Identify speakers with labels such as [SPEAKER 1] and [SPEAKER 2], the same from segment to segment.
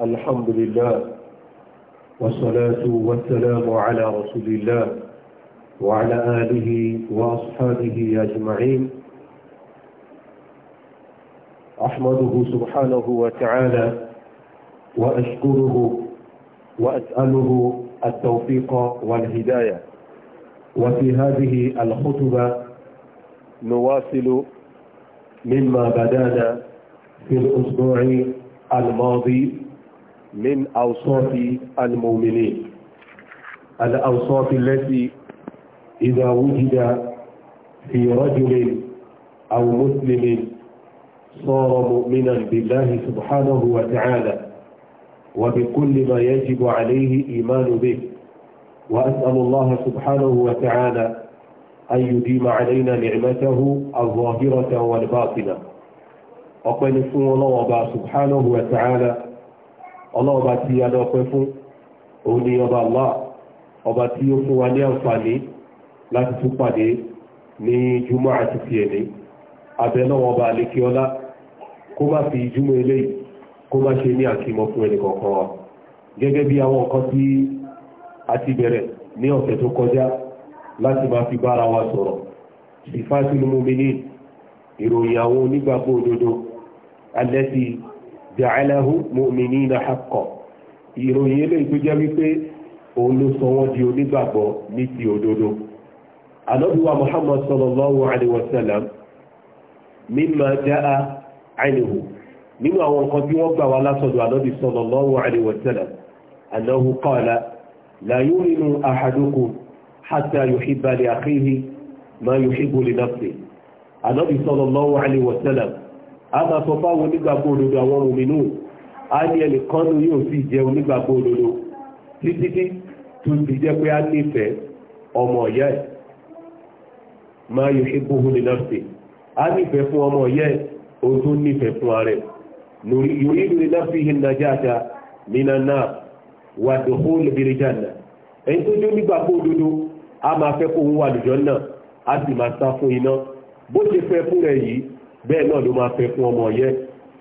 [SPEAKER 1] الحمد لله والصلاة والسلام على رسول الله وعلى آله وأصحابه أجمعين أحمده سبحانه وتعالى وأشكره وأسأله التوفيق والهداية وفي هذه الخطبة نواصل مما بدانا في الأسبوع الماضي من أوصاف المؤمنين الأوصاف التي إذا وجد في رجل أو مسلم صار مؤمنا بالله سبحانه وتعالى وبكل ما يجب عليه إيمان به وأسأل الله سبحانه وتعالى أن يديم علينا نعمته الظاهرة والباطنة وقال فون الله سبحانه وتعالى ọlọ́ọba tí a dọ́pẹ́ fún òun ni ọba Allah ọba tí ó fún wa ní àǹfààní láti tún pàdé ní júmọ́ àti tiẹ̀lé abẹ́lọ́wọ́ ọba àlékiọlá kó má fi júmọ́ eléyìí kó má ṣe ní àkímọ́ fún ẹnì kọ̀ọ̀kan wa gẹ́gẹ́ bí àwọn nǹkan tí a ti bẹ̀rẹ̀ ní ọ̀sẹ̀ tó kọjá láti máa fi bára wa sọ̀rọ̀ sifatul mu'minin ìròyìn àwọn onígbàgbọ́ òdodo alẹ́sìn ja'alahu mu'minina haqqan ìròyìn eléyìí tó jẹ́ wípé òun ló sọ wọ́n di onígbàgbọ́ ní ti òdodo anọ́bíwá muhammad sallallahu alayhi wa sallam mimma ja'a anhu nínú àwọn nǹkan tí wọ́n gbà wá látọ̀dọ̀ anọ́bí sallallahu alayhi wa sallam annahu qala la yu'minu ahadukum hatta yuhibba li akhihi ma yuhibbu li nafsihi anọ́bí sallallahu alayhi wa sallam a máa sọ fáwọn onígbàgbọ́ òdodo àwọn òmìnú a ní ẹnìkan ní yóò sì jẹ́ onígbàgbọ́ òdodo títí tó ti jẹ́ pé a nífẹ̀ẹ́ ọmọ ọ̀yá ẹ̀ máa yọ ṣégbóhùn ní nọ́ọ̀sì a nífẹ̀ẹ́ fún ọmọ ọ̀yá ẹ̀ ohun tó nífẹ̀ẹ́ fún ààrẹ yòrí ní nọ́ọ̀sì yìí náà wà bó ṣe fẹ́ fún rẹ̀ yìí bẹ́ẹ̀ náà ló máa fẹ́ fún ọmọ yẹ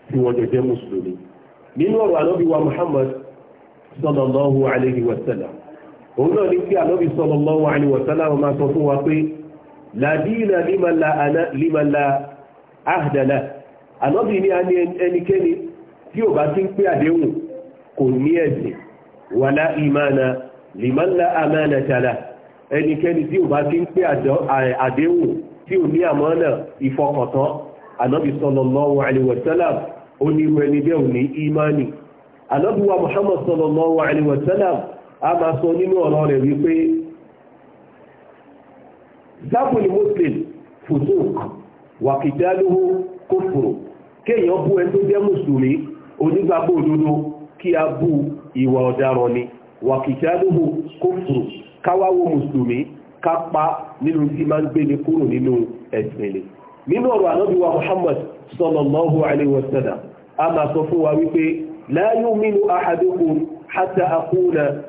[SPEAKER 1] tí wọ́n jọ jẹ́ mùsùlùmí nínú ọ̀rọ̀ ànábì wa Muhammad sallallahu alayhi wa sallam òun náà ní kí ànábì sallallahu alayhi wa sallam máa sọ fún wa pé làdínà límàlá àhdàlá ànábì ní ẹnikẹ́ni tí ò bá ti ń pé àdéhùn kò ní ẹ̀sìn wàlá ìmánà límàlá àmánà ẹnikẹ́ni tí ò bá ti ń pé àdéhùn tí ò ní àmánà ìfọkàntán ànábì sallallahu alaihi wa sallam ó ní irú ẹni bẹ́ẹ̀ ò ní ìmánì ànábì wa muhammad sallallahu alaihi wa sallam a máa sọ nínú ọ̀rọ̀ rẹ̀ wípé sábùlì muslim fùsùk wàkìtálóhù kófòrò kéèyàn bú ẹni tó jẹ́ mùsùlùmí onígbàgbọ́ òdodo kí a ká pa nínú tí máa ń gbé ní kúrò nínú ẹ̀sìn ni nínú ọ̀rọ̀ ànábíwa Muhammad sallallahu alaihi wasallam a máa sọ fún wa wípé la yu'minu ahadukum hatta akuna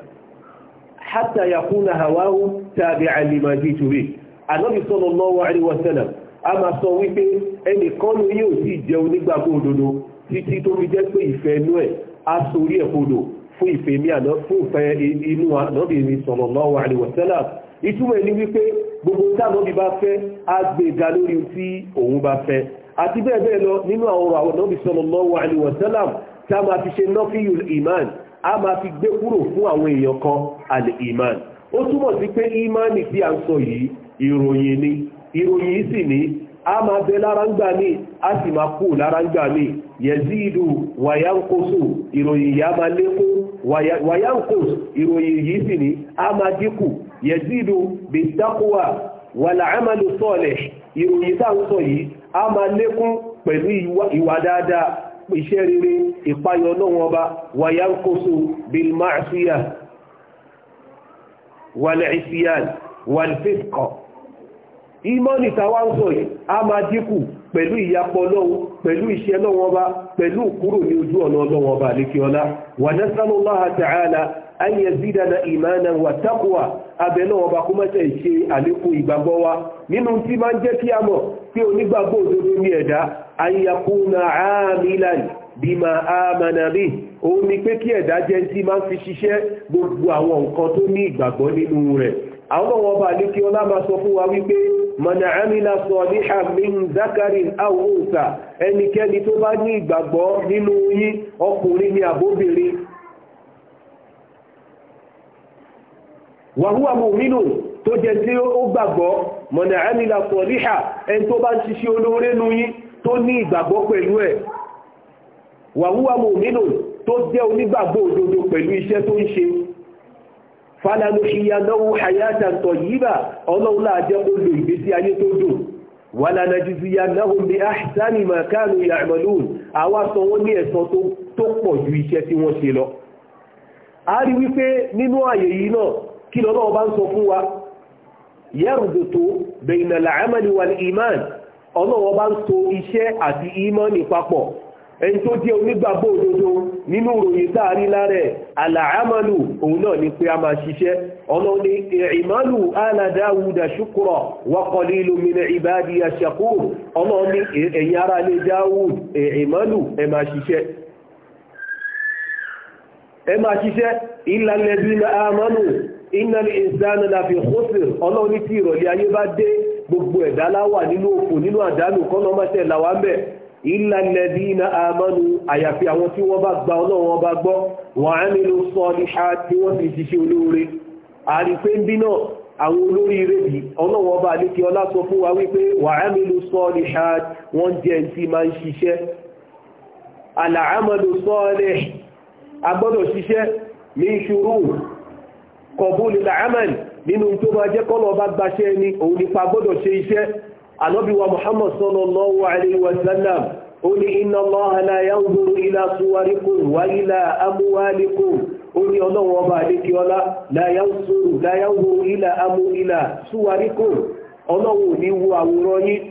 [SPEAKER 1] hatta yakuna hawahu tabi'an lima jitu bi anabi sallallahu alaihi wasallam a máa sọ wípé ẹnì kan ló yóò sì jẹ́ onígbàgbọ́ òdodo títí tó fi jẹ́ pé ìfẹ́ inú ẹ̀ á sorí ẹ̀ kodò fún ìfẹ́ inú anabi mi sallallahu alaihi ni wípé gbogbo táwọn òbí bá fẹ́ á gbé ga lórí tí òun bá fẹ́ àti bẹ́ẹ̀ bẹ́ẹ̀ lọ nínú àwọn ọ̀rọ̀ àwọn ọ̀nàbì sallallahu alaihi wasallam tá a máa fi ṣe nọ́fíyù iman a máa fi gbé kúrò fún àwọn èèyàn kan al iman ó túmọ̀ sí pé imani tí a ń sọ yìí ìròyìn ni ìròyìn sì ni a máa bẹ lára ń gbà mí a sì máa kú lára ń gbà mí yẹ̀zíìdù wàyánkóso ìròyìn yìí a máa lékún wàyánkóso ìròyìn yìí sì ni a máa dínkù yẹ̀zídò bí dákúwà wà láàmàlù sọ́ọ̀lẹ̀ ìròyìn tá ń sọ yìí a máa lékún pẹ̀lú ìwà dáadáa iṣẹ́ rere ìpayọ̀ náà ọba wà yá ń kóso bil ma'siyah wal isyan wal fisq ìmọ́ni tàwa ń wà nasallallahu an na imanan wa taqwa abẹ náà ọba kó mẹ́tẹ̀ ṣe àlékún ìgbàgbọ́ wa nínú tí máa ń jẹ́ kí a mọ̀ pé onígbàgbọ́ òdodo ní ẹ̀dá an yakuna amilan bima amana bi òun ni pé kí ẹ̀dá jẹ́ tí máa ń fi ṣiṣẹ́ gbogbo àwọn nǹkan tó ní ìgbàgbọ́ nínú rẹ̀ àwọn ọmọ ọba ní kí ọlá máa sọ fún wa wípé mọ̀nà àmìlà sọ ní àmìn zakarin àwòrán ẹnikẹ́ni tó bá ní ìgbàgbọ́ nínú yín ọkùnrin ni àbóbìnrin wàhúwà mọ̀mínú tó jẹ́ tí ó gbàgbọ́ mọ̀nà àmìlà sọ̀ríhà ẹn tó bá ń ṣiṣẹ́ olóore nu yín tó ní ìgbàgbọ́ pẹ̀lú ẹ̀ wàhúwà mọ̀mínú tó jẹ́ onígbàgbọ́ òdodo pẹ̀lú iṣẹ́ tó ń ṣe falanuhiyanáwó hayata tọ̀yíbà ọlọ́run láàjẹ́ ó lo ìgbésí ayé tó dùn wàlànàjìzìyanáwó bí áhìsáni màkánù yàmàlúùn àwa wípé nínú àyè yìí náà kí lọ́lọ́wọ́ bá ń sọ fún wa yẹ́rùdùtò bẹ̀yìnàlà àmàlì wà ní imán ọlọ́wọ́ bá ń so iṣẹ́ àti imán papọ̀ ẹni tó jẹ́ onígbàgbọ́ òdodo nínú ìròyìn táàrí lárẹ̀ àlàámàlù òun náà ni pé a máa ṣiṣẹ́ ṣùkúrọ̀ ìbáàdì àṣàkó ẹ̀yìn ara lè ẹ máa ṣiṣẹ́ ẹ máa ṣiṣẹ́ ìlànà ẹbí iná ní ìsáná láfi hóṣìr ọlọ́run ní tí ìrọ̀lẹ́ ayé bá dé gbogbo ẹ̀dá láwà nínú òfò nínú àdánù kọ́nà mọ́tẹ̀ làwà ń bẹ̀ ilà lẹ́dínà àmọ́nu àyàfi àwọn tí wọ́n bá gba ọlọ́run ọba gbọ́ wọ́n á nílò sọ ní ṣá tí wọ́n sì ṣiṣẹ́ olóore àrífé ń bí náà àwọn olórí rèbì ọlọ́run ọba àlékè ọlá sọ fún wa wípé wọ́n á nílò sọ ní ṣá wọ́n jẹ́ ti máa ń ṣiṣẹ́ àlàámọ́nu sọ́ọ̀lẹ̀ agbọ́dọ̀ ṣiṣẹ́ ní ṣùrù kọ̀bùn ìlàámàn nínú tó máa jẹ́ kọ́lọ̀ ọba gbaṣẹ́ ni òun nípa gbọ́dọ̀ ṣe iṣẹ́ ànábíwa muhammad sallallahu alayhi wa sallam ó ní inna allaha la yanzuru ila suwarikum wa ila amwalikum ó ní ọlọ́run ọba adékeọlá la yanzuru ila amú ila suwarikum ọlọ́run ní wo àwòrán yín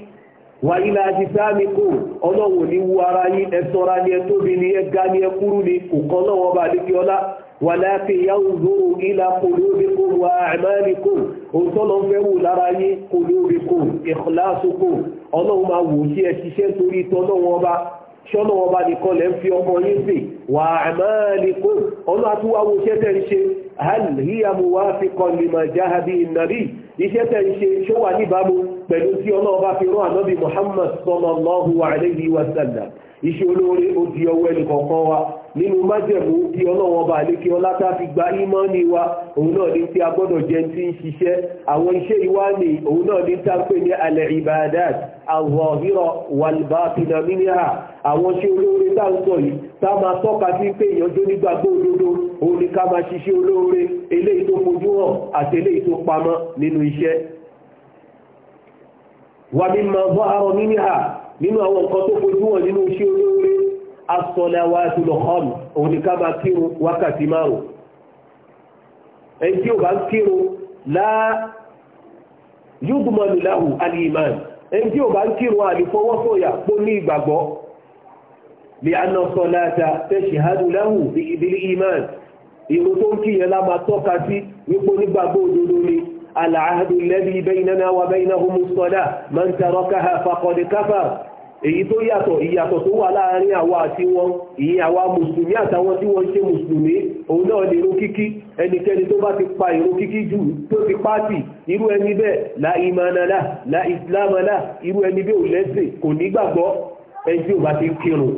[SPEAKER 1] wà ilẹ̀ àjísáàmìkò ọlọ́run ní wo ara yín ẹ̀sọ́ra ni ẹ ni ẹ ni ẹ ni kò kọ́ lọ́wọ́ ọba adékeọlá wàláàkì yanzuru ila qulubikum wa a'malikum òtọ́lọ́ fẹ́ wù lára yín qulubikum ikhlasukum ọlọ́run máa wò sí ẹ ṣiṣẹ́ torí tọ́lọ́wọ́n ọba ṣọ́nà ọba nìkan lẹ́ ń fi ọmọ yín sí wà àmàlìkún ọlọ́ àtúwáwò iṣẹ́ tẹ́ ń ṣe àlìyàmù wá fi kọ lìmọ̀ jáhàbí ìnàrí iṣẹ́ tẹ́ ń ṣe ṣó wà níbàámu pẹ̀lú tí ọlọ́ọba fi rán ànábì Muhammad sallallahu alayhi wa sallam iṣẹ́ olóore ó di ọwọ́ ẹnì kọ̀ọ̀kan wa nínú májẹ̀mú tí ọlọ́wọ́n bá lé kí ọlátá fi gba ímọ́ ní wa òun náà ní tí a gbọ́dọ̀ jẹ tí ń ṣiṣẹ́ àwọn iṣẹ́ ìwá ni òun náà ní tá pé ní alẹ́ ibadat àwọ̀hírọ̀ wàlbàtìnà mínírà àwọn iṣẹ́ olóore tá ń sọ yìí tá máa tọ́ka sí pé ìyànjó nígbàgbọ́ òdodo òun ni ká máa ṣiṣẹ́ olóore eléyìí tó fojú hàn àti eléyìí tó pamọ́ nínú iṣẹ́ wàmí mọ̀ nínú àwọn nǹkan tó fojú wọn nínú iṣẹ́ olóore as-salawatul khams òun ni ká máa kírun wákàtí márùn ẹni tí ò bá ń kírun la yudmanu lahu al-iman ẹni tí ò bá ń kírun àlìfọwọ́sọ̀yà pó ní ìgbàgbọ́ bí anna salata tashhadu lahu bil iman ìrun tó ń kíyàn lá máa tọ́ka sí wípé onígbàgbọ́ òdodo ni العهد الذي بيننا وبينهم الصلاة من تركها فقد كفر èyí tó yàtọ̀ ìyàtọ̀ tó wà láàrin àwa àti wọn ìyí àwa mùsùlùmí àtàwọn tí wọ́n ṣe mùsùlùmí òun náà lè rún kíkí ẹnikẹ́ni tó bá ti pa ìrún kíkí jù tó ti pàtì irú ẹni bẹ́ẹ̀ la imanala la islamala irú ẹni bẹ́ẹ̀ ò lẹ́sìn kò nígbàgbọ́ ẹni tí ò bá ti kírun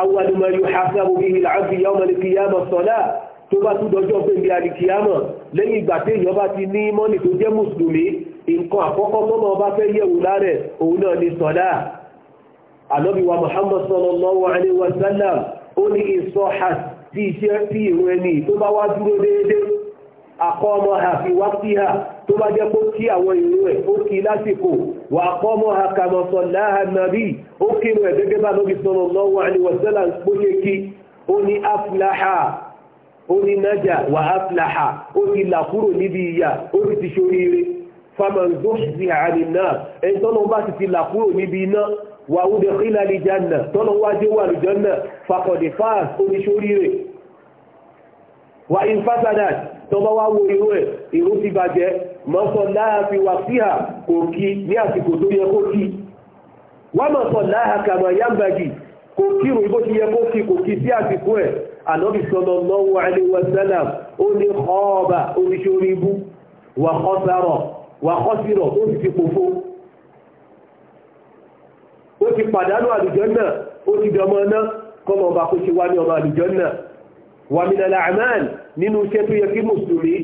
[SPEAKER 1] awwalu ma yuhasabu bihi al-abdu yawma al-qiyamah as tó bá tún dọjọ́ pé ní alikiyama lẹ́yìn ìgbà tí èèyàn bá ti ní mọ́nì tó jẹ́ mùsùlùmí nǹkan àkọ́kọ́ tọ́nà ọba fẹ́ yẹ̀wò lárẹ̀ òun náà ni sọ̀dá ànábì wa muhammad sallallahu alayhi wa sallam ó ní ìsọ̀hà tí iṣẹ́ tí ìrún ẹni tó bá wá dúró déédéé akọ́ ọmọ àfi wá sí ha tó bá jẹ́ pé kí àwọn ìrún ẹ̀ ó kí lásìkò wà kọ́ ọmọ ha kàmọ̀ sọ̀lá ànàbì ó kírun ẹ̀ gẹ́gẹ́ bá ànábì sallallahu alayhi wa sallam kí ó ní afúláhà ó ní nájà wà áfìláhà ó ti là kúrò níbi ìyà ó sì ti ṣoríire famanzó sí àárín náà ẹni tọ́lọ́ bá sì ti là kúrò níbi iná wà ó dẹ̀kílà lè jánà tọ́lọ́ wá dé wà lùjánà fakọ̀dé fáàs ó ti ṣoríire wà ìfásádà tọ́ba wá wo irú ẹ̀ irú ti bàjẹ́ mọ́sọ̀ láàfin wà síhà kò kí ní àsìkò tó yẹ kó kí wọ́n láàkàmọ̀ yámbàgì kò kírun bó ti yẹ kó kí kò kí sí àsìkò ẹ̀ ànábì sallallahu alaihi wa sallam ó ní ọ̀ọ́bà oníṣẹ́ orí ibú wà kọ́sàrọ̀ wà kọ́sìrọ̀ ó sì ti pòfó ó ti pàdánù àlùjànnà ó ti dọmọ náà kọ́mọ ọba kó ṣe wá ní ọmọ àlùjànnà wà min al-a'mal nínú iṣẹ́ tó yẹ kí mùsùlùmí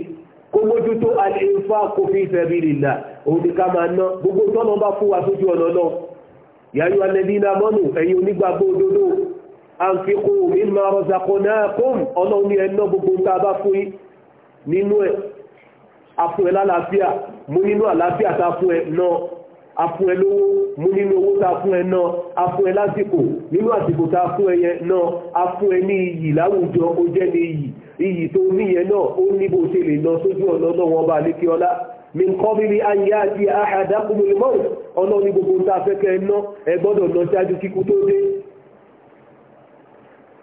[SPEAKER 1] kó mójú tó al-infaq fi sabilillah òun ni ká máa ná gbogbo tọ́nà bá fún wa sójú ọ̀nà náà yàrá ìwà nẹ́bí mọ́nù ẹ̀yin onígbàgbọ́ òdodo àǹfikù mímọ ọ̀zàkọ̀ náà kún ọlọ́run ní ẹ̀nà gbogbo tá a bá fún yín nínú ẹ̀ afún ẹ lálàáfíà mú nínú àlàáfíà tá a fún ẹ náà afún ẹ lówó mú nínú owó tá a fún ẹ náà afún ẹ lásìkò nínú àsìkò tá fún ẹ yẹn náà afún ẹ ní iyì láwùjọ ó jẹ́ ní iyì iyì tó ní yẹn náà ó ní bó ṣe lè lọ sójú ọ̀nà náà wọn bá lékè ọlá min kọ́bílì ayé àti àhàdákùnrin mọ́ọ̀ ọlọ́run gbogbo tá a fẹ́ kẹ́ ẹ ná ẹ gbọ́dọ̀ lọ ṣáájú kíkú tó dé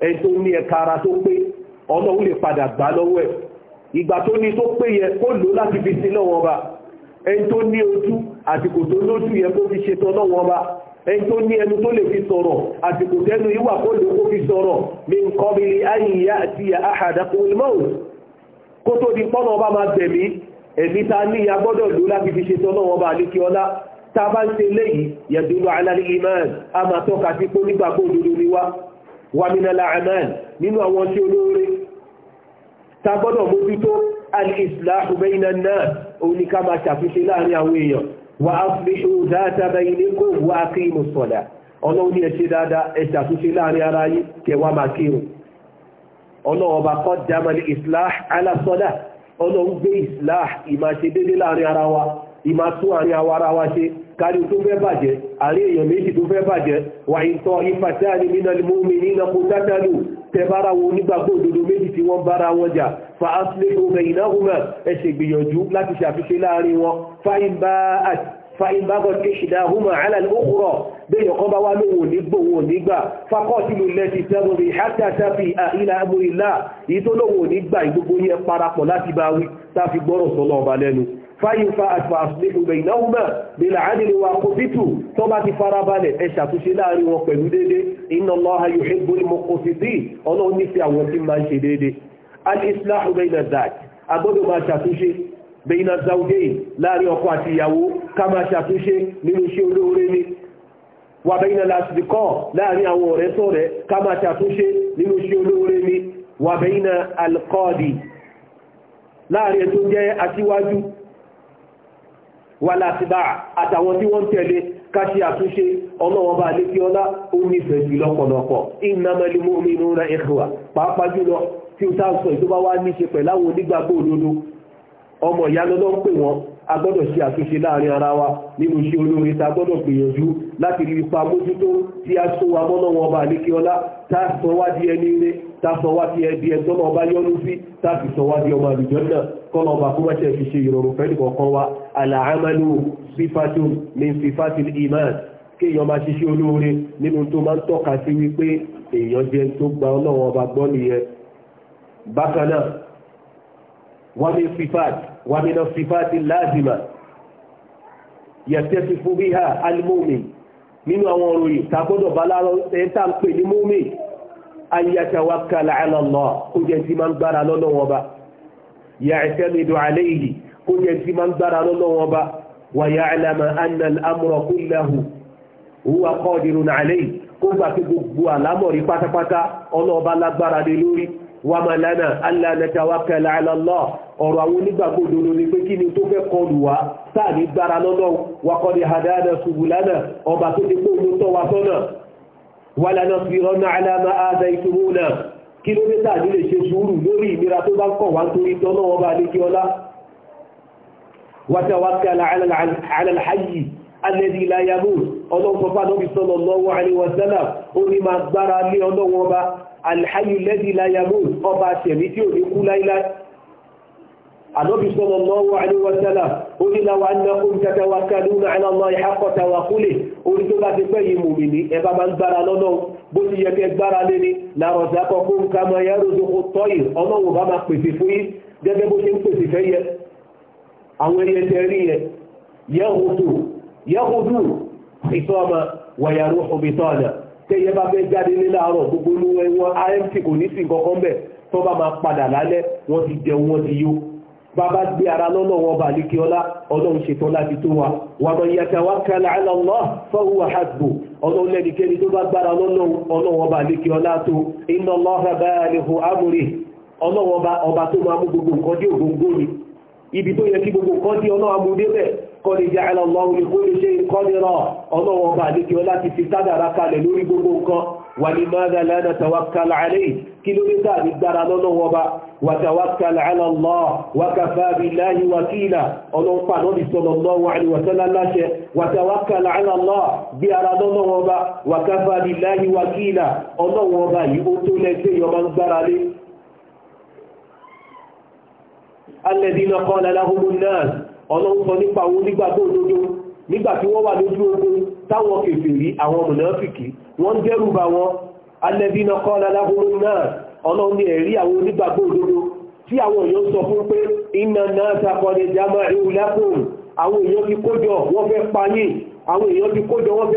[SPEAKER 1] ẹni tó ní ẹ̀ka ara tó pé ọlọ́run lè padà gbà lọ́wọ́ ẹ̀ ìgbà tó ní tó pé yẹ kó lò láti fi sí lọ́wọ́ ọba ẹni tó ní ojú àsìkò tó lójú yẹ kó fi ṣe tọ́ lọ́wọ́ ọba ẹni tó ní ẹnu tó lè fi sọ̀rọ̀ àsìkò tẹ́nu ìwà kó lè kó fi sọ̀rọ̀ mi ń kọ́ mi ayìyá àti àhàdàkùn ìmọ̀ọ́n kó tó di pọ́nà ọba máa bẹ̀mí ẹ̀mí ta ní ya gbọ́dọ̀ lò láti fi ṣe tọ́ lọ́wọ́ ọba àlékí ọlá tá a bá ń ṣe léyìí yẹ̀dùnú alálẹ́ ìmọ̀ wàmínàlá aman nínú àwọn tí olóore ta gbọ́dọ̀ mójútó al-islahu bayna náà òun ni ká máa ṣàfiṣe láàrin àwọn èèyàn wa aslihu dhata baynikum wa aqimu s-salah ọlọ́run ní ẹ̀ṣẹ́ dáadáa ẹ̀ṣẹ́ àtúnṣe láàrin ara yìí kẹwàá máa kírun ọlọ́run gbé islah ìmáṣe déédéé láàrin ara wa ìmáṣú àrin àwa ara wa ṣe kárí tó fẹ́ bàjẹ́ àrí èèyàn méjì tó fẹ́ bàjẹ́ wà ìtọ́ ìfàtẹ́àní nínà lèmọ́mí nínà kó tátàlù tẹbára wọn onígbàgbọ́ òdodo méjì tí wọ́n bára wọn jà fa aslihu baynahuma ẹ ṣe gbìyànjú láti ṣàfiṣe láàrin wọn fàìbágọ̀ ihdahuma ala al-ukhra bẹ́yàn kan bá wá lóhun onígbòhun onígbà faqatilu allati tabghi hatta tafi'a ila amrillah ìyí tó lóhun onígbà fáyínfà àti àṣìlẹ́gbù bẹ̀yìnáwùmá bílá àdìrí wa kò títù tó bá ti farabalẹ̀ ẹ ṣàtúnṣe láàrin wọn pẹ̀lú dédé iná lọ́ha yóò ṣe gbórí mọ́ kò sí sí ọlọ́run ní sí àwọn tí máa ń ṣe dédé al-islahu bẹ̀yìnà zak agbọ́dọ̀ máa ṣàtúnṣe bẹ̀yìnà zaudé láàrin ọkọ àti ìyàwó ká máa ṣàtúnṣe nínú iṣẹ́ olóore ni wà bẹ̀yìnà lásìkọ́ láàrin àwọn ọ̀rẹ́ sọ̀rẹ́ ká máa ṣàtúnṣe nínú iṣẹ́ olóore ni wà bẹ̀yìnà alkọ́ọ̀dì láàrin ẹ̀ jẹ́ aṣíwájú wà látìbá àtàwọn tí wọ́n tẹ̀lé káṣí àtúnṣe ọlọ́wọ́ bá lé kí ọlá ó nífẹ̀ẹ́ jù lọ́pọ̀lọpọ̀ innamal mu'minuna ikhwa pàápàá jùlọ tí ó táà sọ ìtọ́bá wá ní ṣe pẹ̀láwọn onígbàgbọ́ òdodo ọmọ ìyá lọ́lọ́ ń pè wọ́n a gbọ́dọ̀ ṣe àtúnṣe láàrin ara wa nínú iṣẹ́ olóore ta gbọ́dọ̀ gbìyànjú láti rí ipa mójútó tí a sọ wa mọ́nà wọn bá lé ọlá tá a sọ wá di ẹni rẹ̀ ta sọ wá sí ẹbí ẹjọ́ náà bá yọ́nú sí tàbí sọ wá di ọmọ àlùjọ́ náà kọ́nà ọba kó mẹ́ṣẹ̀ fi ṣe ìrọ̀rùn fẹ́ nìkọ̀ọ̀kan wa àlàámẹ́lú sífàtún ní sífàtún iman kéèyàn máa ṣiṣẹ́ olóore nínú tó máa ń tọ́ka sí wípé èèyàn jẹ́ tó gba ọlọ́run ọba gbọ́ nìyẹn bákan náà wọ́n ní sífàt wọ́n ní sífàt láàzìmà yẹ̀tẹ́ fífún nínú àwọn òròyìn tá a gbọ́dọ̀ ẹ̀ tá à ń pè ní mómi ayatawakkal ala Allah kó jẹ́ tí máa ń gbára lọ́dọ̀ wọn bá ya'tamidu alayhi kó jẹ́ tí máa ń gbára lọ́dọ̀ wọn bá wa ya'lama anna al-amra kullahu huwa qadirun alayhi kó gbà pé gbogbo àlámọ̀rí pátápátá ọlọ́ọ̀bá lágbára lé lórí wa ma lana alla natawakkal ala Allah ọ̀rọ̀ àwọn onígbàgbọ́ òdodo ni pé kí ni tó fẹ́ kọlù wá sáà ní gbára lọ́dọ̀ wakọ̀ ni hadana subulana ọba tó ti pé òun wa sọ́nà wàlà náà fi rọ́nà àlàmà àdá ìtumúnà kí ló mẹ́ta ní lè ṣe sùúrù lórí ìnira tó bá ń kọ̀ wá torí tọ́nà wọn bá lè kí ọlá wàtàwákàlà àlàlàyé alẹ́dí láyàmù ọlọ́pọ̀pá lọ́bí sọ́lọ̀ lọ́wọ́ àríwọ̀sẹ́là ànọ́bí sallallahu alaihi wa sallam ó ní law annakum tatawakkaluna ala Allahi haqqa tawakkuli orí tó bá ti pẹ́ yìí mùmínì ẹ bá máa ń gbára lọ́nà bó ti yẹ kẹ́ gbára lé ní larazaqakum kama yarzuqu at-tayr ọlọ́wọ́ bá máa pèsè fún bàbá gbé ara lọ́nà wọn bá lè kí ọlá ọlọ́run ṣetán láti tó wa wà mọ̀ ìyàtà wá kàlà àlọ́lọ́ fọ́wọ́ wà hàgbò ọlọ́run lẹ́nikẹ́ni tó bá gbára lọ́nà ọlọ́run bá lè kí ọlá tó iná lọ́ha bá amúre ọlọ́run ọba tó máa mú gbogbo nǹkan dé ògóngó ibi tó yẹ kí gbogbo nǹkan dé ọlọ́run kọ́ lè jẹ́ ní kó lè ṣe ولماذا لا نتوكل عليه كيلو لذا نقدر وبا وتوكل على الله وكفى بالله وكيلا أنه قال صلى الله عليه وسلم وتوكل على الله بأر وبا وكفى بالله وكيلا أنه وبا يؤتوا لكي يوم نقدر لي الذين قال لهم الناس أنه صنفعوا لبا تؤدوا nígbà tí wọ́n wà lójú táwọn kèfèrí àwọn mùnáfìkì wọ́n dẹ́rù bá wọn alẹ́bínà kọ́lá láhùrú náà ọlọ́run ní ẹ̀rí àwọn onígbàgbọ́ òdodo tí àwọn èèyàn sọ fún pé iná náà sàkọlẹ̀ jama ìwúlákùn àwọn èèyàn ti kójọ wọ́n fẹ́ pa yín àwọn èèyàn ti kójọ wọ́n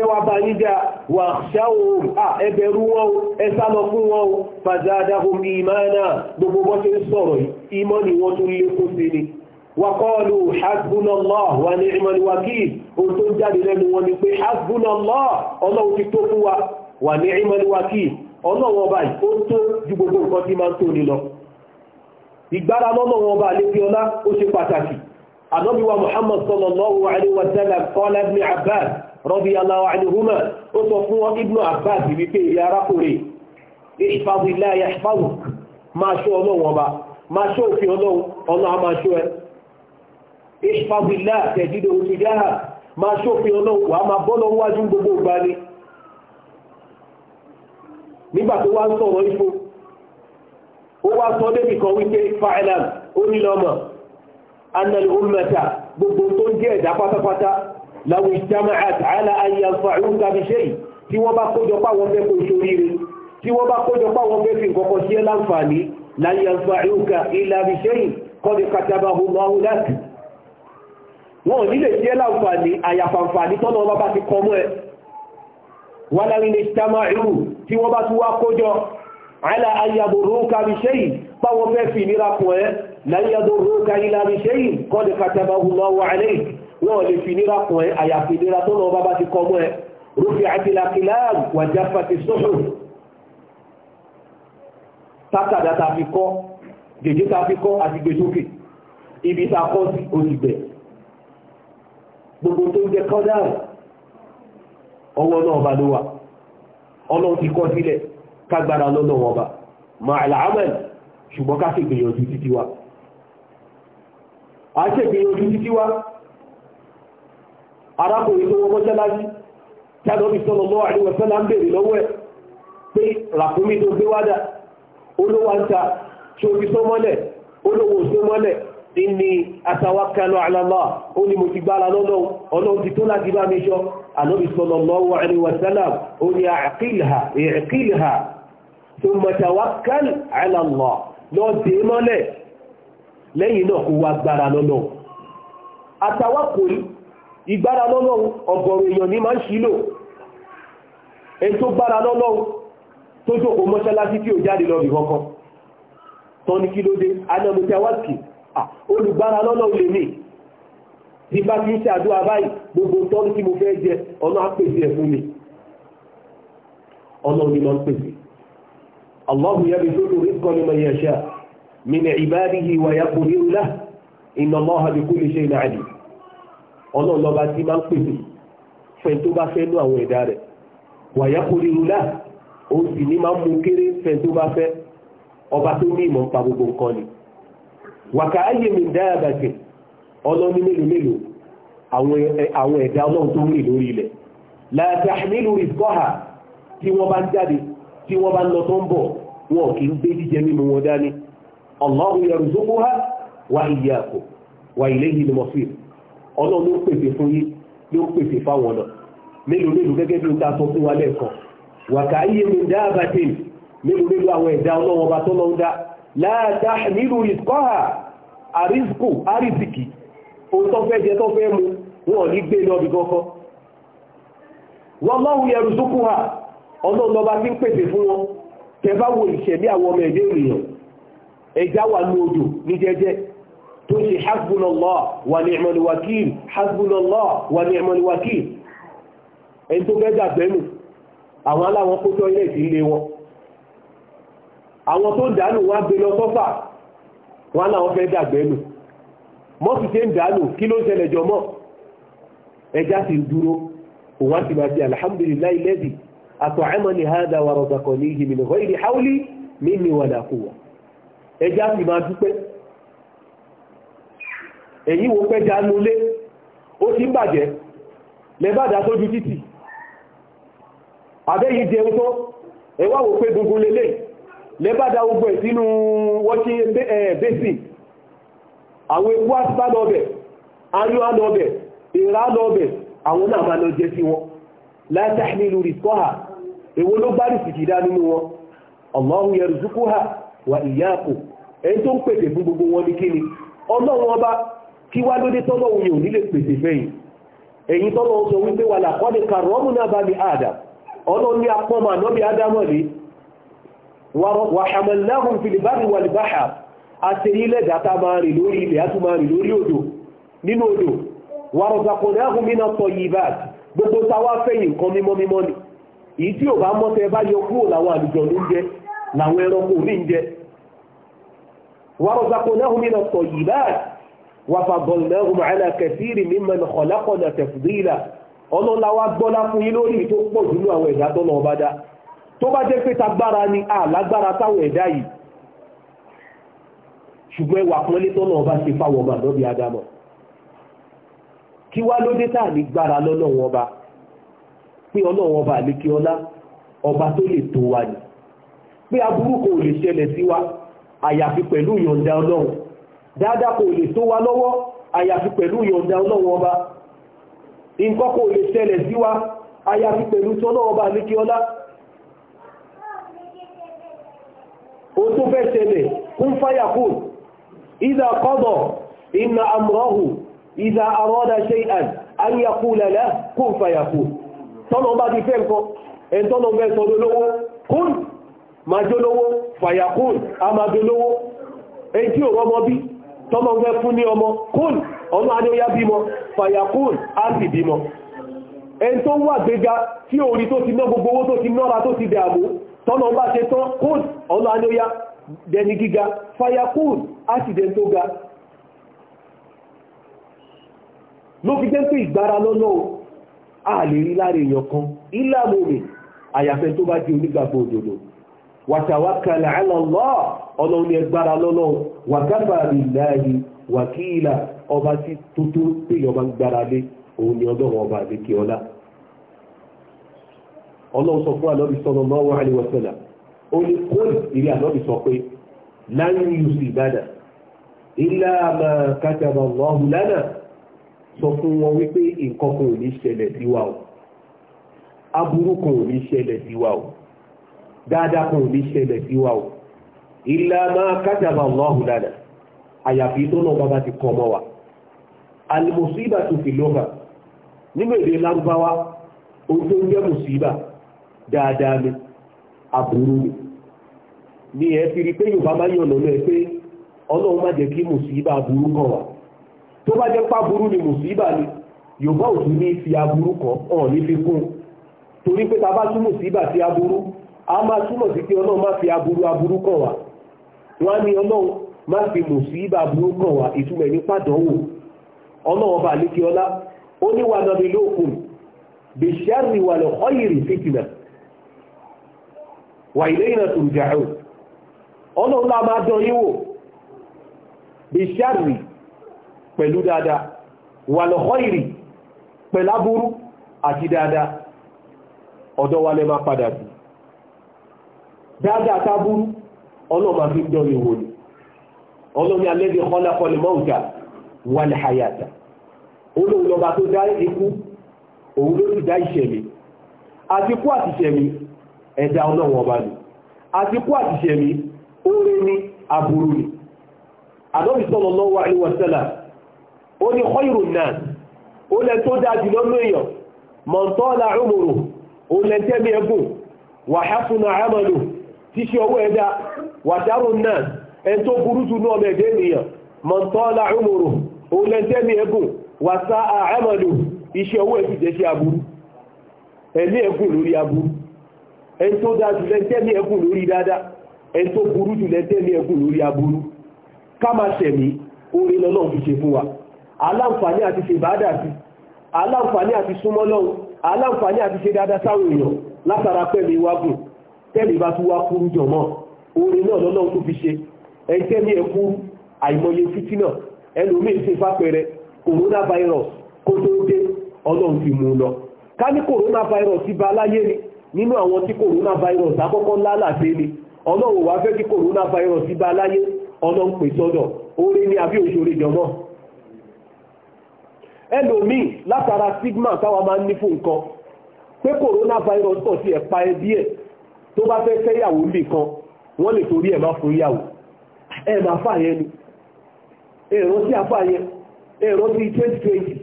[SPEAKER 1] fẹ́ wá wàkọ́ọ̀lù hasbunallah wà ní ìmọ̀lù wakil ohun tó ń jáde lẹ́nu wọn ni pé hasbunallah ọlọ́run ti tó fún wa wà ní ìmọ̀lù wakil ọlọ́run ọba yìí ó tó ju gbogbo nǹkan tí máa ń tó ní lọ ìgbára lọ́lọ́run ọba àlébi ọlá ó ṣe pàtàkì ànábì wa muhammad sallallahu alayhi wa sallam qala ibn abbas radiyallahu anhuma ó sọ fún wọn ibn abbas wípé ìyá arákùnrin ihfazillah yahfazuk máa ṣọ́ ọlọ́run ọba máa ṣọ́ òfin ọlọ́run ọlọ́run á máa ṣọ́ ẹ ìṣpàbílá tẹ̀dídò òṣìdáhà máa ṣófin ọlọ́wà máa bọ́lọ̀ wájú gbogbo ìgbà ni nígbà tó wá ń sọ̀rọ̀ ifo ó wá sọ débì kan wípé fa'ilam onílọ́mọ̀ annal ummata gbogbo tó ń jẹ́ ẹ̀dá pátápátá law ijtama'at ala an yanfa'uka bi shay' tí wọ́n bá kójọ páwọn fẹ́ kó ìṣoríire tí wọ́n bá kójọ páwọn fẹ́ fi nǹkan sí ẹ́ láǹfààní la yanfa'uka illa bi shay' qad katabahu Allahu lak wọn ò nílè jẹ́ láǹfààní àyàfàǹfààní tọ́nà ọba bá ti kọ mọ́ ẹ wà láàrin ní ṣàmà ìrù tí wọ́n bá tún wá kójọ àìlà ayàbòróka bí ṣe yìí báwọn fẹ́ fi ìnira kùn ẹ́ láyàbòróka ìlà bí ṣe yìí kọ́dé kàtàbà hùmọ́ wà lẹ́yìn wọn ò lè ta kọ́ gègé ta fi gbogbo tó ń jẹ kọ́dà ọwọ́ náà bá ló wà ọlọ́run ti kọ́ sílẹ̀ kágbára lọ́nà wọn bá máa ṣùgbọ́n ká sì wa a ṣe gbìyànjú títí wa arákùnrin tó wọ́n mọ́ṣáláṣí tí a lọ́bí sọ́nà lọ́wọ́ àríwọ̀ sọ́nà ń bèèrè lọ́wọ́ ẹ̀ inni atawakkalu ala Allah ó ní mo ti gbára lọ́lọ́ ọlọ́run ti tó láti bá mi ṣọ́ ànábì sallallahu alaihi wa sallam ó ní àkílha ìrìkílha thumma tawakkal ala Allah lọ dé mọ́lẹ̀ lẹ́yìn náà kó wá gbára lọ́lọ́ àtàwákùn ìgbára lọ́lọ́ ọgọ́rùn èèyàn ní máa ń ṣílò ẹni tó gbára lọ́lọ́ tó jókòó mọ́ṣáláṣí tí ò jáde lọ bì kankan tọ́ kí ló dé anamutawakil olùgbára lọ́lọ́ olè mi bí bá ti ń ṣe àdúrà báyìí gbogbo tọ́lú tí mo fẹ́ jẹ ọ̀nà àpèsè ẹ̀ fún mi ọ̀nà òní lọ ń pèsè Allahu yabsutu rizqa liman yasha min ibadihi wa yaqdiru lahu inna Allaha bi kulli shay'in alim ọ̀nà ọlọ́ba tí máa ń pèsè fẹ́ni tó bá fẹ́ nú àwọn ẹ̀dá rẹ̀ wa yaqdiru lahu ó sì ní máa ń mú kéré fẹ́ni tó bá fẹ́ ọba tó ní ìmọ̀ nípa gbogbo nǹkan ni wàkà ayé mi dáyàbàtì ọlọ́ni mélòó mélòó àwọn ẹ̀dá ọlọ́run tó ń rìn lórí ilẹ̀ láti àmìlú ìsọ́hà tí wọ́n bá ń jáde tí wọ́n bá ń lọ tó ń bọ̀ wọn kì í gbé jíjẹ nínú wọn dání Allahu yarzuquha wa iyyakum wa ilayhi al-masir ọlọ́run ló pèsè fún yín ló pèsè fáwọn náà mélòó mélòó gẹ́gẹ́ bí ta sọ fún wa lẹ́ẹ̀kan wàkà ayé mi dáàbàtì mélòó mélòó àwọn ẹ̀dá ọlọ́run ọba tó lọ́ ń dá láàtà nílùú rìskọ́hà àrísìkò àrísìkì ohun tó fẹ́ mu wọn ní gbé lọ bí kọ́kọ́ wọ́n lọ́hùn ha ọlọ́run lọ́ba tí pèsè fún wọn wo ìṣẹ̀lẹ̀ àwọn ọmọ ẹ̀dẹ́ ní odò ní jẹ́jẹ́ hasbunallah àwọn tó dànù wá gbé lọ sọ́fà wọn làwọn fẹ́ dàgbẹ́ nù mọ́sù ṣe ń dànù kí ló ń ṣẹlẹ̀ jọ mọ́ ẹja sì ń dúró òun á sì máa di alhamdulilayi lẹ́dì àtọ̀ ẹ̀mọ́ ni hada wa rọ̀bàkọ̀ ní ìhìmì nìkan ìdí haúlí mímì wà dàkú wa ẹja sì máa dúpẹ́ èyí wo pẹ́ dànù lé ó ti ń bàjẹ́ lẹ́bàdà sójú títì àbẹ́yìí jẹun tó ẹwà wò pé gungun lélẹ́yìí lẹ́bàá da gbogbo ẹ̀ sínú wọ́ṣí eh, basin àwọn epo àtibá lọ bẹ̀ ayọ́ lọ bẹ̀ ìrà lọ bẹ̀ àwọn náà máa lọ jẹ́ sí wọn látàmì lórí sọ́hà èwo ló bá rìsìkì dá nínú wọn Allahu yarzuquha wa iyyakum ẹni tó ń pèsè fún gbogbo wọn ní kíni ọlọ́run ọba kí wá lóde tọ́lọ́ òun yóò nílé pèsè fẹ́yìn tọ́lọ́ sọ wípé wà karọ́mù náà bá ọlọ́run ní apọ́mọ wàhàmàláhùn filibari wà lìbáhà àtẹ̀yílẹ̀ dátà máa rìn lórí ilẹ̀ á tún máa rìn lórí odò nínú odò wàrọ̀zàkùnrin mínà tọ̀ yìí bá gbogbo táwa fẹ̀yìn nǹkan mímọ́ mímọ́ ni èyí tí ò bá mọ́tẹ bá yọ kúrò láwọn àlùjọ ló jẹ làwọn ẹranko ní jẹ wàrọ̀zàkùnrin mínà tọ̀ yìí bá tó bá jẹ́ pé tagbára ni àlágbára táwọn ẹ̀dá yìí ṣùgbọ́n ẹwà kan lé tọ́nà ọba ṣe fáwọn ọmọ àdọ́bí adámọ̀ kí wá ló dé táà ní gbára lọ́lọ́wọ́n ọba pé ọlọ́wọ́n ọba ọba tó tó wa pé kò lè ṣẹlẹ̀ sí wa àyàfi pẹ̀lú pẹ̀lú ọba ó tó fẹ́ ṣẹlẹ̀ kún fáyà kù ìdá kọ́bọ̀ ìnà àmúrọ́hù ìdá àrọ́dà ṣe àn ayakú lẹ́lẹ́ kún fáyà kù tọ́nà bá ti fẹ́ nǹkan ẹ̀ntọ́nà fẹ́ sọdọ́ lówó kún májólówó fàyà kún amadolówó èyí tí ò rọ́mọ bí tọ́mọ fẹ́ fún ní ọmọ kún ọmọ adéyá bímọ fàyà kún á sì bímọ ẹni tó wà gbéga tí òòrí tó ti ná gbogbo owó tó ti nọ́ra tó ti dààmú tọ́nà bá ṣe tán kóòd ọ̀nà anóyá dẹni gíga fire ga ló fi jẹ́ pé ìgbára o a lè rí láre èèyàn kan ilá mòmì àyàfẹ́ tó bá di onígbàgbọ́ òdodo wàtàwákàlà àlọ́lọ́ ọ̀nà òní ẹgbára lọ́nà o wàkàbà billahi ọba ọlọ́run sọ fún ànábì sallallahu alaihi wasallam ó ní kóòlì ìrí ànábì sọ pé lan yusibana illa ma kataba Allahu lana sọ fún wọn wípé nǹkan kan ò ní ṣẹlẹ̀ sí wa o aburú kan ò ní ṣẹlẹ̀ sí wa o dáadáa kan ò ní ṣẹlẹ̀ sí wa o illa ma kataba Allahu lana àyàfi tó náà bàbá ti kọ́ ọmọ wa al-musibatu fil-lugha nínú èdè lárúbáwá ohun tó ń jẹ́ dáadáa ni aburú ni ní ẹ fi rí pé yorùbá máa yàn lọ́nà ẹ pé ọlọ́run má jẹ́ kí mùsíbà aburú kàn aburu tó bá jẹ́ pá burú ni mùsíbà ni yorùbá ò tún ní fi aburú kọ ọ̀n ní fi kún torí pé ta bá tún mùsíbà sí aburú a máa túmọ̀ sí pé ọlọ́run má fi aburú aburú wọ́n á ní ọlọ́run má fi mùsíbà aburú kọ ìtumọ̀ pàdánwò ọlọ́run ọba àlékiọlá ó ní wà wà ilé ìrìnà tó jà ẹ̀rù ọlọ́run la máa dán yín wò bí ṣáàrì pẹ̀lú dáadáa wà lọ́kọ́ ìrì pẹ̀láburú àti dáadáa ọ̀dọ̀ wa lẹ máa padà sí dáadáa tábúrú ọlọ́run máa fi ń dán yín wò ni ọlọ́run alẹ́bí kọ́lákọ́lẹ̀ mọ́ọ̀gà wà ní hayata olóòlọ́ba tó dá ikú òun ló ti dá ìṣẹ̀mí àti ikú àti ìṣẹ̀mí ẹ̀dá ọlọ́run ọba ni àti kú àtìṣẹ́ mi ó rí ní aburú ni àdọ́bì sallallahu alaihi wasallam ó ní khairun nas ó lẹ tó dáa jùlọ lóyàn mọ̀ntọ́lá ọmọrò ó lẹ tẹ́mi ẹ̀gùn wa hasuna amalu tíṣe ọwọ́ ẹ̀dá wa sharrun nas ẹ̀ tó burú jù náà mẹ́ẹ̀dẹ́ ènìyàn mọ̀ntọ́lá ọmọrò ó lẹ tẹ́mi ẹ̀gùn wa sa'a amalu iṣẹ́ ọwọ́ ẹ̀fìjẹ́ ṣe aburú ẹ̀mí ẹ̀gùn lórí aburú ẹni tó dáa jù lẹ́ntẹ́mí ẹkùn lórí dáadáa ẹni tó burú jù lẹ́ntẹ́mí ẹkùn lórí aburú ká máa ṣẹ̀mí orí lọ́lọ́run fi ṣe fún wa aláǹfààní àti ṣe bàádà sí aláǹfààní àti súnmọ́ lọ́run aláǹfààní àti ṣe dáadáa sáwọn èèyàn látara pẹ́mi wá gùn bá tún wá kúrú jọ mọ́ orí náà tó fi ṣe ẹkùn àìmọye ṣe fápẹrẹ coronavirus kó tó ba aláyé ni nínú àwọn tí coronavirus àkọ́kọ́ lálàtẹ́ ni ọlọ́run wá fẹ́ kí coronavirus bá láyé ọlọ́run pè sọ́dọ̀ orí ní àbí òṣèré jọmọ́ ẹlòmíì látara stigma táwa máa ń ní fún nǹkan pé coronavirus pọ̀ sí ẹ̀pa ẹbí ẹ̀ tó bá fẹ́ fẹ́yàwó lè kan wọ́n lè torí ẹ̀ má fún yàwó ẹ̀ má fà ni ẹ̀rọ sí afá yẹn ẹ̀rọ sí 2020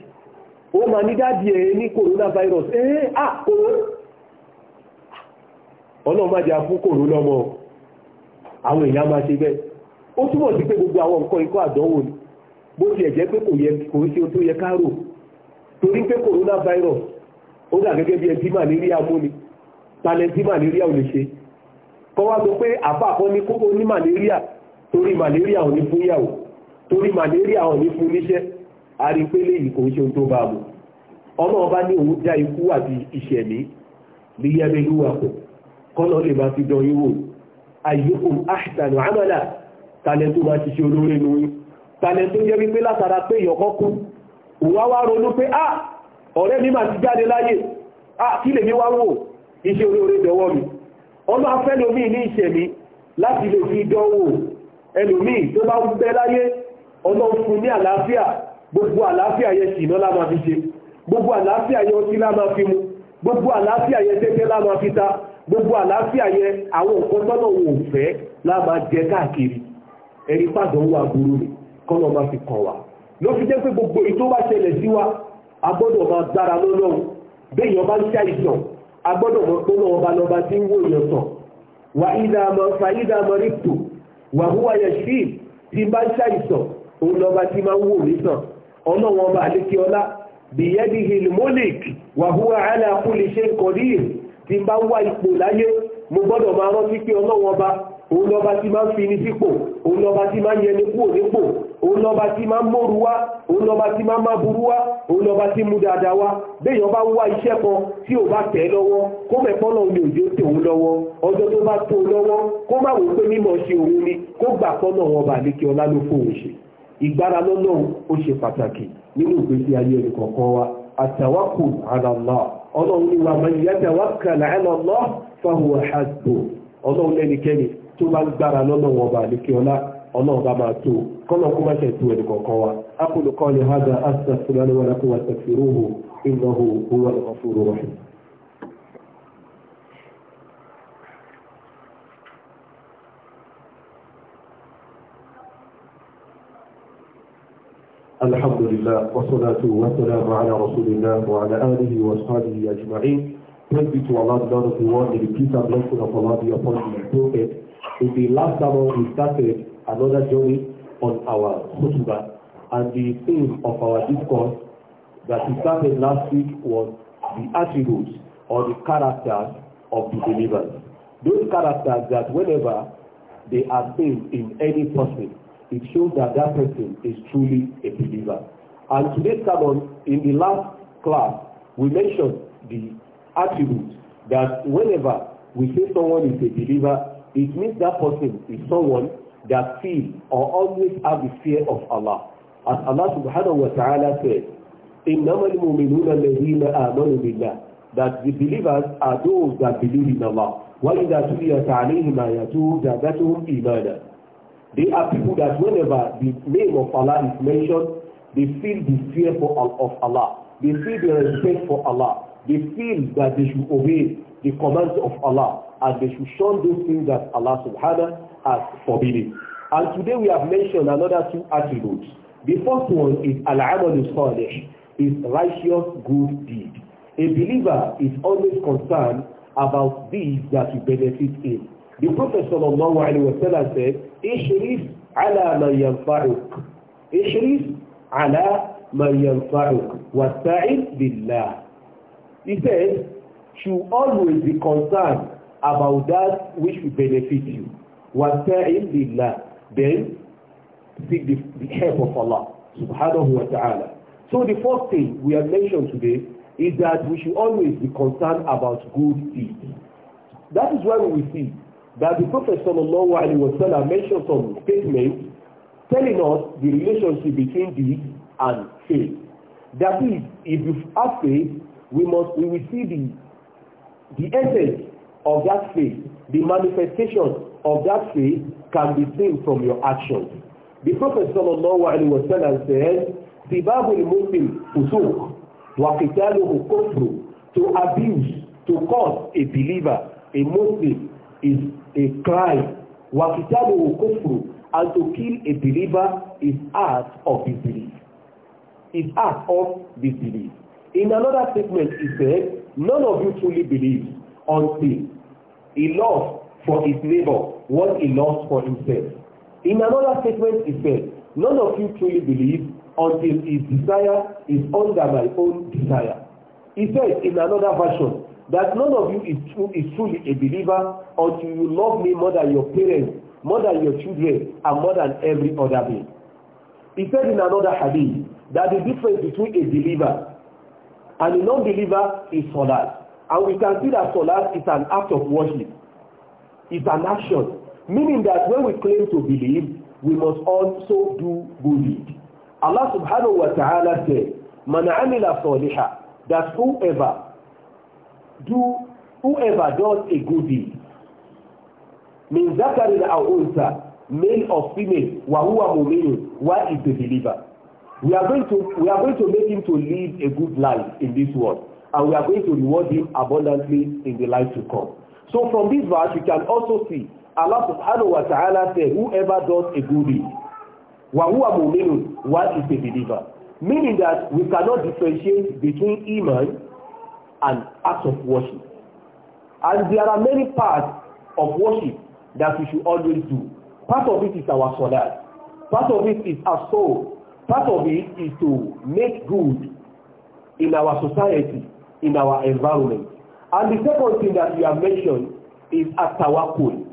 [SPEAKER 1] ó máa ní dáàdì ẹ̀ ní coronavirus ẹ̀ ah coronavirus ọlọ́run má jẹ́ afúnkòrò lọ́mọ àwọn èèyàn máa ṣe bẹ́ẹ̀ ó túmọ̀ sí pé gbogbo àwọn nǹkan ikọ́ àdánwò ni bó tiẹ̀ jẹ́ pé kò yẹ kò ń ṣe ohun tó yẹ ká rò torí pé corona virus ó dà gẹ́gẹ́ bí ẹtí màlẹ́ríà mú ni talẹ́ntì màlẹ́ríà ò lè ṣe kọ́ wá sọ pé àpapọ̀ ní kókó ní màlẹ́ríà torí màlẹ́ríà ò ní fún yàwó torí màlẹ́ríà ò ní fún níṣẹ́ a rí pé léyìí kò ń ṣe ohun tó bá a mú ọlọ́run bá ní òun dá ikú àti ìṣẹ̀mí ní yẹ́mẹ́lúwà pọ̀ kọ́nà lè bá fi dán yíwò ayyukum ahsanu amala talẹ̀ tó máa ti ṣe olóore nu yín talẹ̀ tó jẹ́ wípé látara pé ìyọ̀kọ́ kú wá wá ronú pé à ah, ọ̀rẹ́ mi máa ti jáde láyé à ah, kí lèmi wá wò iṣẹ́ olóore dọ̀wọ́ mi ọmọ afẹ́lómi ní ìṣẹ̀mí láti lè fi dánwò ẹlòmí tó bá ń bẹ láyé ọlọ́run fún ní àlàáfíà gbogbo àlàáfíà yẹ ṣìná láma fi ṣe gbogbo àlàáfíà yẹ ọtí láma fi mu gbogbo àlàáfíà yẹ tẹ́tẹ́ láma fi ta gbogbo àlàáfíà yẹn àwọn nǹkan tọ́nà wò fẹ́ láàmà jẹ káàkiri ẹni pàdán wà burú ni kọ́nà máa fi kàn wá ló fi jẹ́ pé gbogbo èyí tó bá ṣẹlẹ̀ sí wa a gbọ́dọ̀ máa dára lọ́lọ́run bẹ́ẹ̀ yọba ń ṣàìsàn a gbọ́dọ̀ mọ̀ pé lọ́wọ́ bá lọ́ba tí ń wò yẹn sàn wà ìdààmú fa ìdààmú rí tò wà húwa yẹn sí ti bá ń ṣàìsàn òun lọ́ba tí máa ń wò mí sàn ọlọ́wọ́n ọba àlékè ọlá bìyẹ́dìhìl mólèkì wà húwa àlàkùn lè ṣe kọ̀díyè tí n bá wá ipò láyé mo gbọ́dọ̀ máa rántí pé ọlọ́wọ́n ọba òun lọ́ba tí máa ń fi ní sípò òun lọ́ba tí máa ń yẹni kúrò nípò òun lọ́ba tí máa ń móru wá òun lọ́ba tí máa ń má burú wá òun lọ́ba tí mú dáadáa wá béèyàn bá wá iṣẹ́ kan tí ò bá tẹ̀ lọ́wọ́ kó mẹ́pọ́nà mi ò jẹ́ tè òun lọ́wọ́ ọjọ́ tó bá tó lọ́wọ́ kó má wò pé mímọ̀ ṣe òun ni kó gbà pọ́nà wọn bà ní kí ọlá ló fòun ṣe ìgbára lọ́lọ́run ó ṣe pàtàkì nínú ìgbésí ayé ẹnì kọ̀ọ̀kan wa àtàwákù àlàlá ọlọ́run ní wa man yatawakkal ala Allah fahuwa hasbuh ọlọ́run lẹ́nikẹ́ni tó bá ń gbára lọ́nà wọn bá lékè ọlá ọlọ́run bá máa tó kọ́nà kó bá ṣe tó ẹnì kọ̀ọ̀kan wa aqulu qawli hadha astaghfirullaha wa lakum wastaghfiruhu innahu huwal ghafurur rahim. الحمد لله والصلاة والسلام على رسول الله وعلى آله وصحبه أجمعين Praise be to Allah, the Lord of the world, may the peace and blessing of Allah be upon His prophet. In the last sermon, we started another journey on our khutbah, and the theme of our discourse that we started last week was the attributes or the characters of the believers. Those characters that whenever they are seen in any person, it shows that that person is truly a believer. And today's sermon, in the last class, we mentioned the attributes that whenever we say someone is a believer, it means that person is someone that feels or always have the fear of Allah. As Allah subhanahu wa ta'ala said, إِنَّمَا الْمُؤْمِنُونَ الَّذِينَ آمَنُوا بِاللَّهِ That the believers are those that believe in Allah. وَإِذَا تُلِيَتْ عَلَيْهِمْ آيَاتُهُ زَادَتْهُمْ إِيمَانًا They are people that whenever the name of Allah is mentioned, they feel the fear for, of Allah. They feel the respect for Allah. They feel that they should obey the commands of Allah and they should shun those things that Allah subhanahu has forbidden. And today we have mentioned another two attributes. The first one is al-amalu salih, is righteous good deed. A believer is always concerned about deeds that he benefits in. The Prophet sallallahu alayhi wa sallam said, Ishrif ala man yanfa'uk. Ishrif ala man yanfa'uk. Wasta'id billah. He said, should always be concerned about that which will benefit you. Wasta'id billah. Then seek the, the help of Allah سبحانه وتعالى. So the first thing we have mentioned today is that we should always be concerned about good deeds. That is why we will see that the Prophet sallallahu alaihi wasallam mentioned some statements telling us the relationship between deed and faith. That is, if you have faith, we must we will see the the essence of that faith, the manifestation of that faith can be seen from your actions. The Prophet sallallahu alaihi wasallam said, "Sibabul Muslim fusuq wa qitaluhu kufru." To abuse, to cause a believer, a Muslim, is a crime wakitabu kufru and to kill a believer is act of disbelief is act of disbelief in another statement he said none of you truly believes until he loves for his neighbor what he loves for himself in another statement he said none of you truly believes until his desire is under my own desire he said in another version that none of you is, true, is truly a believer until you love me more than your parents, more than your children, and more than every other being. He said in another hadith that the difference between a believer and a non-believer is salat. And we can see that salat is an act of worship. It's an action. Meaning that when we claim to believe, we must also do good deed. Allah subhanahu wa ta'ala said, Man amila saliha, that whoever do whoever does a good deed min zakarin aw unsa male or female wa huwa mu'min wa is a believer we are going to we are going to make him to live a good life in this world and we are going to reward him abundantly in the life to come so from this verse we can also see Allah subhanahu wa ta'ala said whoever does a good deed wa huwa mu'min wa is a believer meaning that we cannot differentiate between iman and acts of worship. And there are many parts of worship that we should always do. Part of it is our salat. Part of it is our soul. Part of it is to make good in our society, in our environment. And the second thing that we have mentioned is at-tawakkul,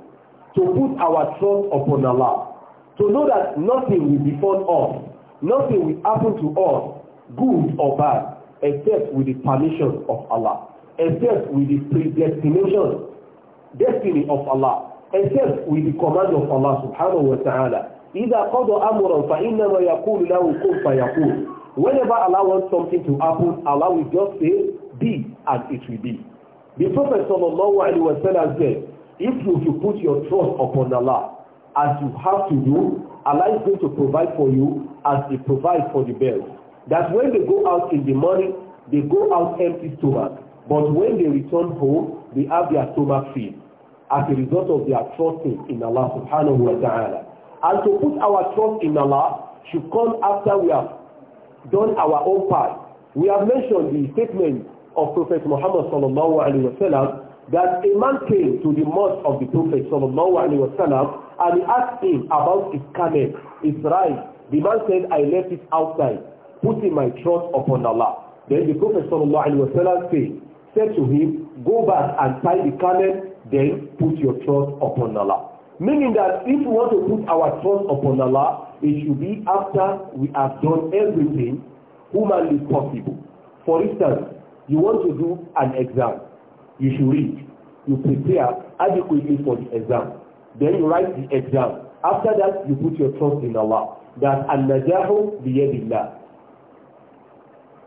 [SPEAKER 1] to put our trust upon Allah, to know that nothing will befall us, nothing will happen to us, good or bad, except with the permission of Allah, except with the predestination, destiny of Allah, except with the command of Allah subhanahu wa ta'ala. إذا قضى أمرا فإنما يقول له كن فيقول. Whenever Allah wants something to happen, Allah will just say, be, as it will be. The Prophet sallallahu alaihi wasallam said, if you, if you put your trust upon Allah, as you have to do, Allah is going to provide for you as He provides for the best that when they go out in the morning, they go out empty stomach. But when they return home, they have their stomach filled as a result of their trusting in Allah subhanahu wa ta'ala. And to put our trust in Allah should come after we have done our own part. We have mentioned the statement of Prophet Muhammad sallallahu alaihi wasallam that a man came to the mosque of the Prophet sallallahu alaihi wasallam and he asked him about his camel, his ride. The man said, I left it outside putting my trust upon Allah. Then the Prophet sallallahu alaihi wasallam said, said to him, go back and tie the camel, then put your trust upon Allah. Meaning that if we want to put our trust upon Allah, it should be after we have done everything humanly possible. For instance, you want to do an exam, you should read, you prepare adequately for the exam, then you write the exam. After that, you put your trust in Allah. That an-najahu biyadillah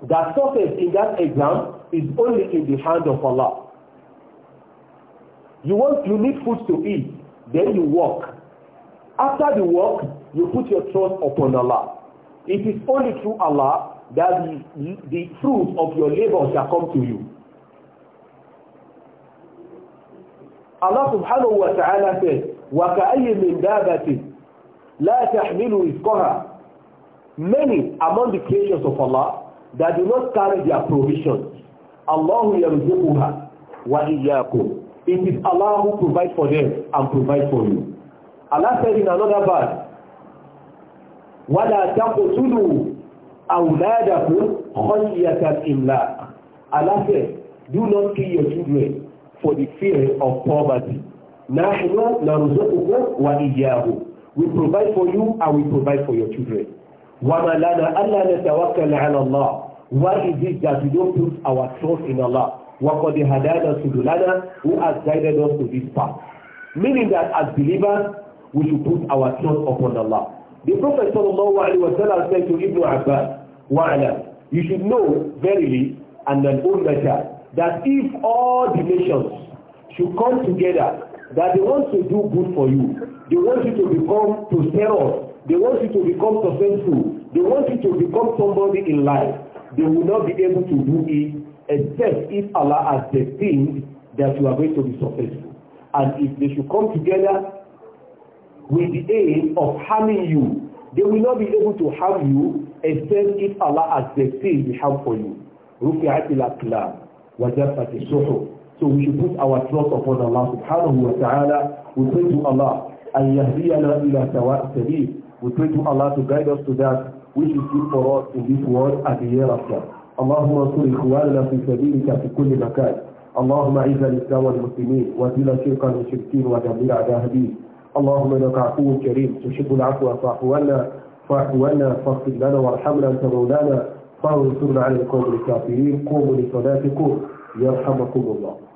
[SPEAKER 1] that success in that exam is only in the hand of Allah. You want, you need food to eat, then you work. After the work, you put your trust upon Allah. It is only through Allah that the, the fruit of your labor shall come to you. Allah subhanahu wa ta'ala says, وَكَأَيِّ مِنْ دَابَةٍ لَا تَحْمِلُ رِزْقَهَا Many among the creatures of Allah, that do not carry their provisions. Allah yarzuquha wa iyyakum. It is Allah who provides for them and provides for you. Allah said in another verse, وَلَا تَقْتُلُوا أَوْلَادَكُمْ خَشْيَةَ الْإِمْلَاقِ Allah said, do not kill your children for the fear of poverty. نَحْنُ نَرْزُقُكُمْ وَإِيَّاهُمْ We provide for you and we provide for your children. وما لنا ألا نتوكل على الله Why is it that we don't put our trust in Allah وقد هدانا who has guided us to this path meaning that as believers we should put our trust upon Allah the Prophet sallallahu alaihi wasallam said to Ibn Abbas wa'ala you should know verily and an ummah that if all the nations should come together that they want to do good for you they want you to become prosperous They want you to become successful. They want you to become somebody in life. They will not be able to do it except if Allah has destined that you are going to be successful. And if they should come together with the aim of harming you, they will not be able to harm you except if Allah has destined the harm for you. رفعت الأقلام وجفت الصحف So we should put our trust upon Allah subhanahu wa ta'ala. We pray to Allah أن يهدينا إلى سواء السبيل We pray to Allah to guide us to that which is good for us in this world and the hereafter. اللهم انصر إخواننا في سبيلك في كل مكان اللهم اعز الإسلام والمسلمين وذل شرك المشركين ودمر أعداء الدين اللهم إنك عفو كريم تحب العفو فاعف عنا فاعف عنا فاغفر لنا وارحمنا أنت مولانا فانصرنا على القوم الكافرين قوموا لصلاتكم يرحمكم الله